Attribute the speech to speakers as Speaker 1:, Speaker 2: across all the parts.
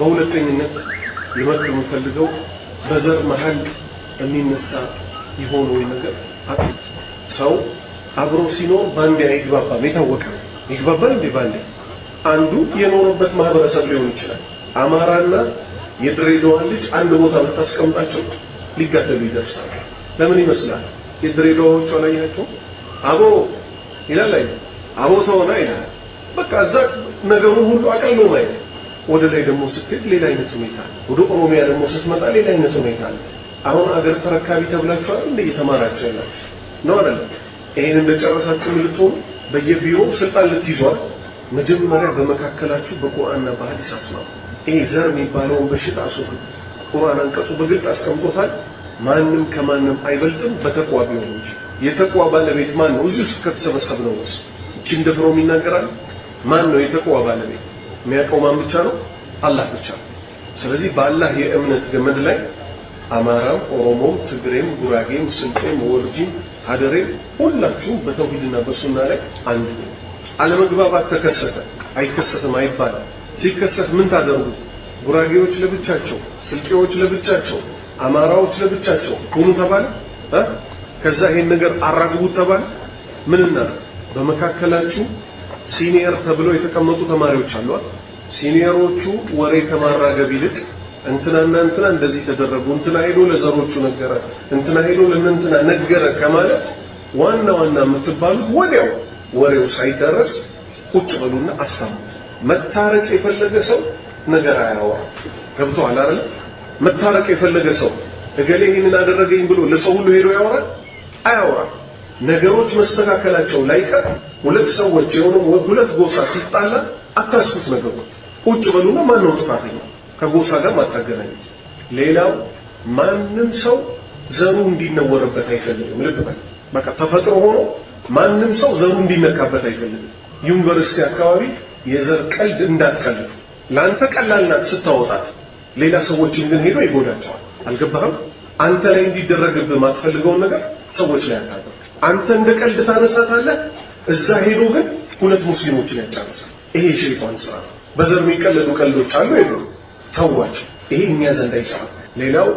Speaker 1: በሁለተኝነት ልመክር የምፈልገው በዘር መሀል የሚነሳ የሆነውን ነገር አጥ ሰው አብሮ ሲኖር ባንዴ አይግባባም። የታወቀ ነው። ይግባባል እንዴ? ባንዴ አንዱ የኖረበት ማህበረሰብ ሊሆን ይችላል። አማራና የድሬዳዋን ልጅ አንድ ቦታ ብታስቀምጣቸው ሊጋደሉ ይደርሳሉ። ለምን ይመስላል? የድሬዳዋዎቹ አላያቸው አቦ ይላል አይ አቦ ተሆና ይላል። በቃ እዛ ነገሩን ሁሉ አቅልሎ ማየት ወደ ላይ ደግሞ ስትሄድ ሌላ አይነት ሁኔታ አለ። ወደ ኦሮሚያ ደግሞ ስትመጣ ሌላ አይነት ሁኔታ አለ። አሁን አገር ተረካቢ ተብላችኋል እንደ እየተማራችሁ ያላችሁ ነው አይደል? ይሄን እንደጨረሳችሁ ልትሆኑ በየቢሮ ስልጣን ልትይዟል። መጀመሪያ በመካከላችሁ በቁርአንና በሐዲስ አስማሙ። ይሄ ዘር የሚባለውን በሽታ አስወግዱት። ቁርአን አንቀጹ በግልጽ አስቀምጦታል። ማንም ከማንም አይበልጥም በተቋ ቢሆን እንጂ። የተቋ ባለቤት ማን ነው? እዚሁ ውስጥ ከተሰበሰብነው ውስጥ እቺ እንደ ፍሮም ይናገራል። ማን ነው የተቋ ባለቤት? የሚያውቀው ማን ብቻ ነው? አላህ ብቻ ነው። ስለዚህ በአላህ የእምነት ገመድ ላይ አማራም፣ ኦሮሞም፣ ትግሬም፣ ጉራጌም፣ ስልጤም፣ ወልጂም፣ ሀደሬም ሁላችሁም በተውሂድና በሱና ላይ አንድ ነው። አለመግባባት ተከሰተ አይከሰትም አይባልም። ሲከሰት ምን ታደርጉ? ጉራጌዎች ለብቻቸው፣ ስልጤዎች ለብቻቸው፣ አማራዎች ለብቻቸው ሁኑ ተባለ። ከዛ ይሄን ነገር አራግቡት ተባለ። ምን እናደርግ? በመካከላችሁ ሲኒየር ተብሎ የተቀመጡ ተማሪዎች አሏል። ሲኒየሮቹ ወሬ ከማራገብ ይልቅ እንትናና እንትና እንደዚህ ተደረጉ፣ እንትና ሄዶ ለዘሮቹ ነገረ፣ እንትና ሄዶ ለእንትና ነገረ ከማለት ዋና ዋና የምትባሉት ወዲያው ወሬው ሳይደረስ ቁጭ በሉና አስታሙ። መታረቅ የፈለገ ሰው ነገር አያወራም። ገብቶሃል አይደል? መታረቅ የፈለገ ሰው እገሌ ይህንን አደረገኝ ብሎ ለሰው ሁሉ ሄዶ ያወራል? አያወራም። ነገሮች መስተካከላቸው ላይ ቀር ሁለት ሰዎች የሆኑ ሁለት ጎሳ ሲጣላ አታስፉት። ነገሩ ቁጭ በሉና ማን ነው ጥፋተኛ? ከጎሳ ጋር አታገናኙ። ሌላው ማንም ሰው ዘሩ እንዲነወርበት አይፈልግም። ልብ በል በቃ ተፈጥሮ ሆኖ ማንም ሰው ዘሩ እንዲነካበት አይፈልግም። ዩኒቨርሲቲ አካባቢ የዘር ቀልድ እንዳትቀልፉ ለአንተ ቀላል ናት ስታወጣት፣ ሌላ ሰዎችን ግን ሄዶ ይጎዳቸዋል። አልገባህም? አንተ ላይ እንዲደረግብህ ማትፈልገውን ነገር ሰዎች ላይ አታገር አንተ እንደ ቀልድ ታነሳታለህ። እዛ ሄዶ ግን ሁለት ሙስሊሞችን ያጫነሳል። ይሄ የሸይጣን ስራ ነው። በዘር የሚቀለዱ ቀልዶች አሉ ይሉ ተዋቸው። ይሄ እኛ ዘንድ አይሰራም። ሌላው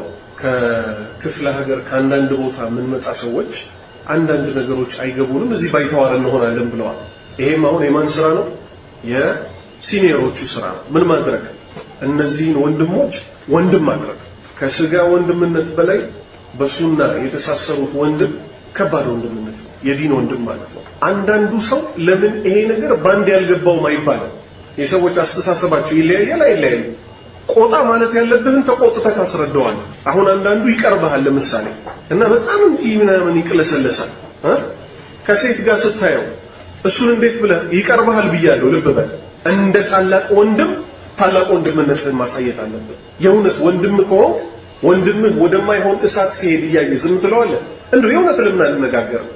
Speaker 1: ከክፍለ ሀገር ከአንዳንድ ቦታ የምንመጣ ሰዎች አንዳንድ ነገሮች አይገቡንም፣ እዚህ ባይተዋር እንሆናለን ብለዋል። ይሄም አሁን የማን ስራ ነው? የሲኒየሮቹ ስራ ነው። ምን ማድረግ እነዚህን ወንድሞች ወንድም ማድረግ ከስጋ ወንድምነት በላይ በሱና የተሳሰሩት ወንድም ከባድ ወንድምነት ነው። የዲን ወንድም ማለት ነው። አንዳንዱ ሰው ለምን ይሄ ነገር ባንድ ያልገባውም አይባልም። የሰዎች አስተሳሰባቸው ይለያያል አይለያይም። ቆጣ ማለት ያለብህን ተቆጥተህ ታስረዳዋለህ። አሁን አንዳንዱ ይቀርብሃል ለምሳሌ እና በጣም እንጂ ምናምን ይቅለሰለሳል ከሴት ጋር ስታየው እሱን እንዴት ብለህ ይቀርብሃል ብያለሁ። ልብ በል እንደ ታላቅ ወንድም ታላቅ ወንድምነትህን ማሳየት አለብህ። የእውነት ወንድም ከሆንክ ወንድምህ ወደማይሆን እሳት ሲሄድ እያየ ዝም ትለዋለህ። እንደው የእውነት ለምን አንነጋገርም?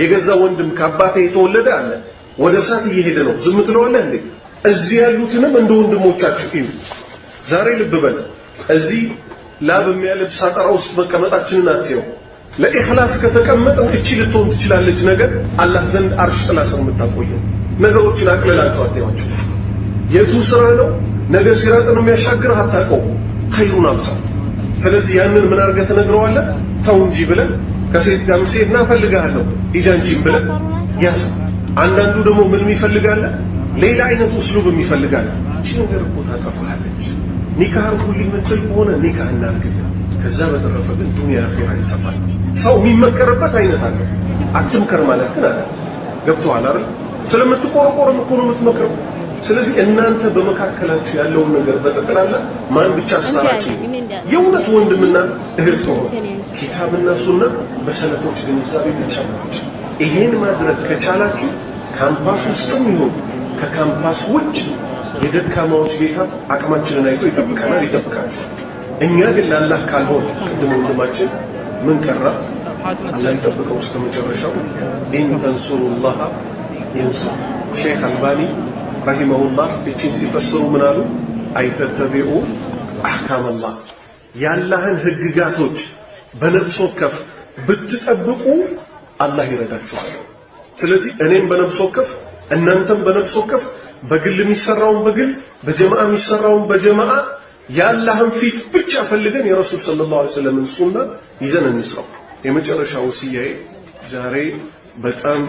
Speaker 1: የገዛ ወንድም ከአባቴ የተወለደ አለ ወደ እሳት እየሄደ ነው። ዝም ትለዋለህ እንዴ? እዚህ ያሉትንም እንደ ወንድሞቻችሁ ይሁን። ዛሬ ልብ በል፣ እዚህ ላብ የሚያለብስ አጠራ ውስጥ መቀመጣችንን አትየው። ለኢኽላስ ከተቀመጥን እቺ ልትሆን ትችላለች ነገር አላህ ዘንድ አርሽ ጥላ ስር የምታቆየው። ነገሮችን አቅለላችሁ አትያቸው። የቱ ስራ ነው ነገ ሲራጥን የሚያሻግር አታውቀውም። ኸይሩን አምሳ። ስለዚህ ያንን ምን አድርገህ ትነግረዋለህ? ተው እንጂ ብለን ከሴት ጋር ሴት ና እፈልግሃለሁ ሂጃንቺን ብለህ ያዝ። አንዳንዱ ደግሞ ምን የሚፈልጋለ ሌላ አይነት ውስሉብ የሚፈልጋለ። እቺ ነገር እኮ ታጠፋለች። ኒካህ አርጉልኝ የምትል ከሆነ ኒካህ እናርግልን። ከዛ በተረፈ ግን ዱንያ አኺራ ይጠፋል። ሰው የሚመከርበት አይነት አለ። አትምከር ማለት ግን አለ ገብቶሃል አይደል? ስለምትቆረቆርም እኮ ነው የምትመክረው። ስለዚህ እናንተ በመካከላችሁ ያለውን ነገር በጠቅላላ ማን ብቻ አስታራቂ የእውነት ወንድምና እህት ነው ኪታብና ሱና በሰለፎች ግንዛቤ ብቻ ናቸው። ይሄን ማድረግ ከቻላችሁ ካምፓስ ውስጥም ይሁን ከካምፓስ ውጭ የደካማዎች ጌታ አቅማችንን አይቶ ይጠብቀናል፣ ይጠብቃችሁ። እኛ ግን ለአላህ ካልሆን ቅድም ወንድማችን ምን ቀራ? አላህ ይጠብቀው እስከ መጨረሻው። ኢን ተንሱሩላህ የንሱር ሼክ አልባኒ ረሂመሁላህ እችን ሲፈስሩ ምን አሉ? አይተተቢዑ አህካመላህ የአላህን ህግጋቶች በነብሶ ከፍ ብትጠብቁ አላህ ይረዳችኋል። ስለዚህ እኔም በነብሶ ከፍ እናንተም በነብሶ ከፍ በግል የሚሰራውን በግል በጀማዓ የሚሰራውን በጀማዓ የአላህን ፊት ብቻ ፈልገን የረሱል ሰለላሁ ዐለይሂ ወሰለም ሱና ይዘን እንስራው። የመጨረሻው ወስያዬ ዛሬ በጣም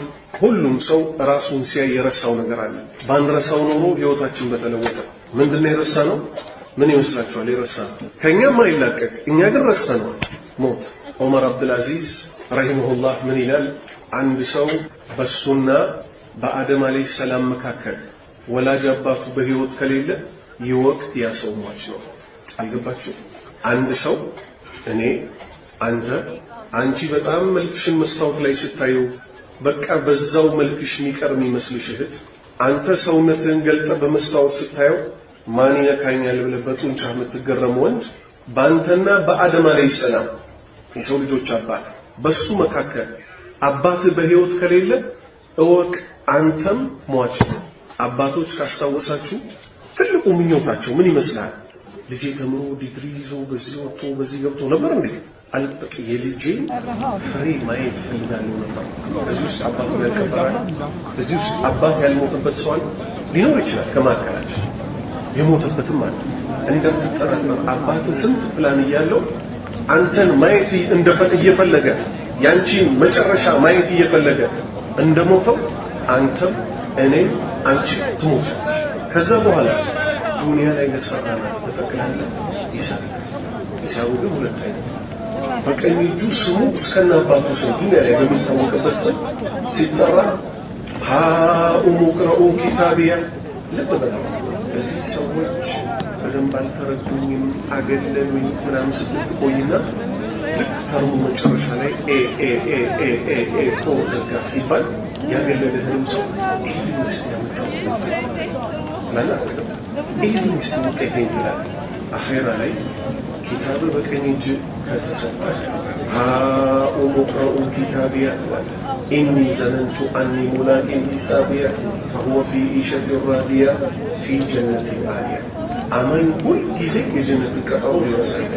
Speaker 1: ሁሉም ሰው ራሱን ሲያይ የረሳው ነገር አለ። ባንረሳው ኖሮ ህይወታችን በተለወጠ። ምንድነው የረሳ ነው? ምን ይመስላችኋል? የረሳ ነው ከእኛም አይላቀቅ። እኛ ግን ረስተነዋል። ሞት። ዑመር አብዱልአዚዝ ረሂመሁላህ ምን ይላል? አንድ ሰው በሱና በአደም አለይሂ ሰላም መካከል ወላጅ አባቱ በህይወት ከሌለ ይወቅ፣ ያ ሰው ሟች ነው። አልገባችሁ? አንድ ሰው እኔ፣ አንተ፣ አንቺ በጣም መልክሽን መስታወት ላይ ስታዩ በቃ በዛው መልክሽ የሚቀር የሚመስልሽ እህት፣ አንተ ሰውነትህን ገልጠ በመስታወት ስታየው ማን ይነካኛል ብለህ በጡንቻ የምትገረም ወንድ በአንተና በአደም አለይ ሰላም የሰው ልጆች አባት በሱ መካከል አባት በህይወት ከሌለ እወቅ አንተም ሟች ነው። አባቶች ካስታወሳችሁ ትልቁ ምኞታቸው ምን ይመስላል? ልጄ ተምሮ ዲግሪ ይዞ በዚህ ወጥቶ በዚህ ገብቶ ነበር እንዴ? አልበቅ የልጄን ፍሬ ማየት ፈልጋለሁ ነበር። እዚህ ውስጥ አባት ያልከበራል፣ እዚህ ውስጥ አባት ያልሞተበት ሰው ሊኖር ይችላል። ከማካከላችን የሞተበትም አለ። እንደምትጠረጠር አባቱ ስንት ፕላን እያለው አንተን ማየት እየፈለገ ያንቺ መጨረሻ ማየት እየፈለገ እንደሞተው አንተም እኔም አንቺ ትሞት። ከዛ በኋላ ዱንያ ላይ ለሰራናት በጠቅላላ ይሳል ሂሳቡ ግን ሁለት አይነት በቀኝ እጁ ስሙ እስከና አባቱ ስም ዱንያ ላይ በሚታወቅበት ስም ሲጠራ ሀኡሙ ቅረኡ ኪታቢያ ልብ በላ እዚህ ሰዎች ተረዳን ባልተረዱኝም አገለሉኝ ምናምን ስትል ትቆይና ልክ ተርሙ መጨረሻ ላይ ጦ ዘጋ ሲባል ያገለለህንም ሰው ይህ ምስል ያመጣሁት ትላለህ። ይህ ምስል ውጤት ይላል። አኼራ ላይ ኪታብ በቀኝ እጅ ከተሰጠ ሀኡም ቅረኡ ኪታቢያ ትላለህ። ኢኒ ዘነንቱ አኒ ሙላቂን ሂሳቢያ ፈሁወ ፊ ኢሸት ራዲያ ፊ ጀነት አልያ አማኝ ሁል ጊዜ የጀነትን ቀጠሮ ይረሳል።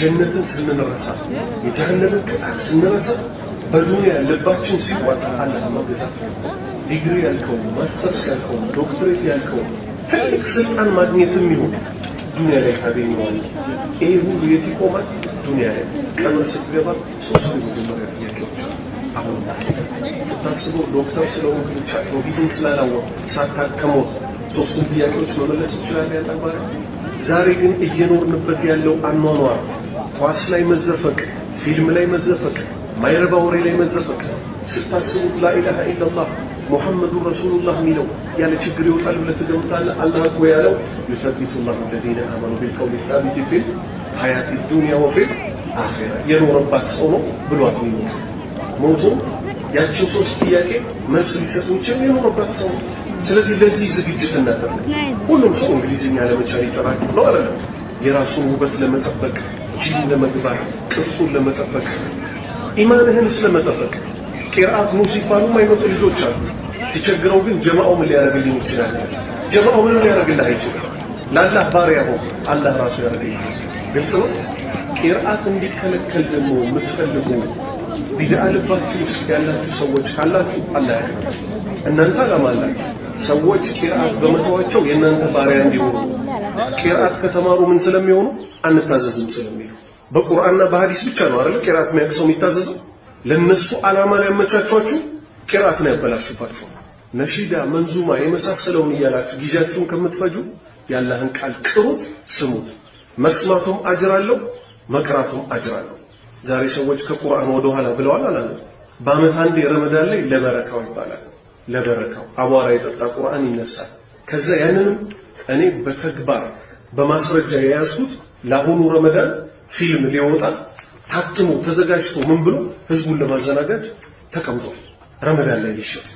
Speaker 1: ጀነትን ስንረሳ፣ የጀሃነምን ቅጣት ስንረሳ በዱንያ ልባችን ሲዋጣ አላህ መገዛት ዲግሪ ያልከው ማስተርስ ያልከው ዶክትሬት ያልከው ትልቅ ስልጣን ማግኘትም ይሁን ዱንያ ላይ ታገኘዋለህ። ይሄ ሁሉ የት ይቆማል? ዱንያ ላይ ቀብር ስትገባ ሶስት የመጀመሪያ ጥያቄዎች አሁን ስታስበው ዶክተር ስለሆንክ ብቻ ነው ስላላወቅ ሳታከመው ሶስቱን ጥያቄዎች መመለስ ይችላል ያጠባሪ። ዛሬ ግን እየኖርንበት ያለው አኗኗር ኳስ ላይ መዘፈቅ፣ ፊልም ላይ መዘፈቅ፣ ማይረባ ወሬ ላይ መዘፈቅ ስታስቡት ላኢላሃ ኢለላህ ሙሐመዱ ረሱሉላህ የሚለው ያለ ችግር ይወጣል ብለህ ትገምታለህ። አላህ እኮ ያለው ዩሰቢቱ ለዚነ አመኑ ቢልቀውል ሳቢት ፊል ሀያቲ ዱንያ ወፊል አኼራ የኖረባት ሰው ነው ብሏት ሚሞት ሞቱ ያቸው ሶስት ጥያቄ መልስ ሊሰጥ የሚችል የኖረባት ሰው ነው። ስለዚህ ለዚህ ዝግጅት እናደርግ። ሁሉም ሰው እንግሊዝኛ ለመቻል ይጠራል ነው አይደለም? የራሱን ውበት ለመጠበቅ ጂም ለመግባት ቅርጹን ለመጠበቅ ኢማንህን ስለመጠበቅ ቂርአት ነው ሲባሉ የማይመጡ ልጆች አሉ። ሲቸግረው ግን ጀማዓው ምን ሊያደርግልኝ ይችላል? ጀማዓው ምን ሊያደርግልህ አይችልም። ለአላህ ባሪያ ሆ አላህ ራሱ ያደርግልህ። ግልጽ ነው። ቂርአት እንዲከለከል ደግሞ የምትፈልጉ ቢድዓ ልባችሁ ውስጥ ያላችሁ ሰዎች ካላችሁ አላህ እናንተ አላማ አላችሁ ሰዎች ቂርአት በመተዋቸው የእናንተ ባሪያ እንዲሆኑ ቂርአት ከተማሩ ምን ስለሚሆኑ አንታዘዝም ስለሚሉ በቁርአንና በሐዲስ ብቻ ነው አይደል ቂርአት የሚያውቅ ሰው የሚታዘዘው ለነሱ ዓላማ ሊያመቻቿችሁ ነው ያበላሹባቸው ነሺዳ መንዙማ የመሳሰለውን እያላችሁ ጊዜያችሁን ከምትፈጁ ያላህን ቃል ቅሩት ስሙት መስማቱም አጅር አለው መቅራቱም አጅር አለው ዛሬ ሰዎች ከቁርአን ወደ ኋላ ብለዋል አላለ በአመት አንዴ ረመዳን ላይ ለበረካው ይባላል ለበረካው አቧራ የጠጣ ቁርአን ይነሳል። ከዛ ያንንም እኔ በተግባር በማስረጃ የያዝኩት ለአሁኑ ረመዳን ፊልም ሊወጣ ታትሞ ተዘጋጅቶ ምን ብሎ ህዝቡን ለማዘናጋት ተቀምጧል። ረመዳን ላይ ሊሸጥ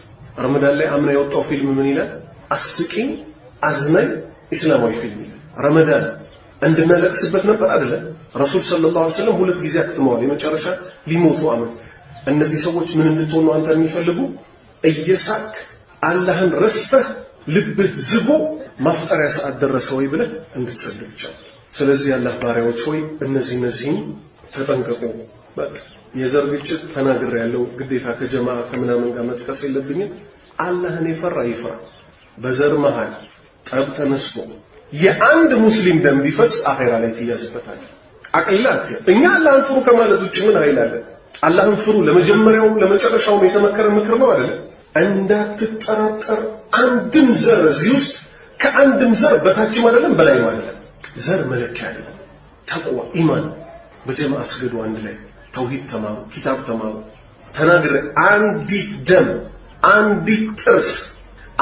Speaker 1: ረመዳን ላይ አምና የወጣው ፊልም ምን ይላል? አስቂኝ አዝናኝ ኢስላማዊ ፊልም ይላል። ረመዳን እንድናለቅስበት ነበር አይደለ? ረሱል ሰለላሁ ዐለይሂ ወሰለም ሁለት ጊዜ አክትመዋል። የመጨረሻ ሊሞቱ አመት እነዚህ ሰዎች ምን እንድትሆኑ አንተ የሚፈልጉ እየሳቅ አላህን ረስተህ ልብህ ዝቦ ማፍጠሪያ ሰዓት ደረሰ ወይ ብለህ እንድትሰግድ ይቻላል። ስለዚህ ያላህ ባሪያዎች ሆይ እነዚህ እነዚህም ተጠንቀቁ። የዘር ግጭት ተናግር ያለው ግዴታ ከጀማ ከምናምን ጋር መጥቀስ የለብኝም። አላህን የፈራ ይፍራ። በዘር መሃል ጠብ ተነስቶ የአንድ ሙስሊም ደም ቢፈስ አኼራ ላይ ትያዝበታል። አቅልላት እኛ አላህን ፍሩ ከማለት ውጭ ምን ኃይል አለን? አላህን ፍሩ። ለመጀመሪያውም ለመጨረሻውም የተመከረ ምክር ነው አይደለ? እንዳትጠራጠር አንድም ዘር እዚህ ውስጥ ከአንድም ዘር በታችም አይደለም በላይም አይደለም። ዘር መለኪያ አይደለም። ተቅዋ ኢማን፣ በጀማ አስገዱ፣ አንድ ላይ ተውሂድ ተማሩ፣ ኪታብ ተማሩ። ተናግሬ አንዲት ደም፣ አንዲት ጥርስ፣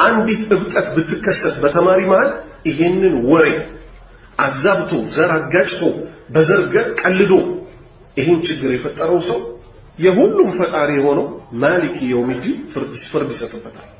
Speaker 1: አንዲት እብጠት ብትከሰት በተማሪ መሃል ይሄንን ወሬ አዛብቶ ዘር አጋጭቶ በዘር ቀልዶ ይህን ችግር የፈጠረው ሰው የሁሉም ፈጣሪ የሆነው ማሊክ የውሚዲ ፍርድ ይሰጥበታል።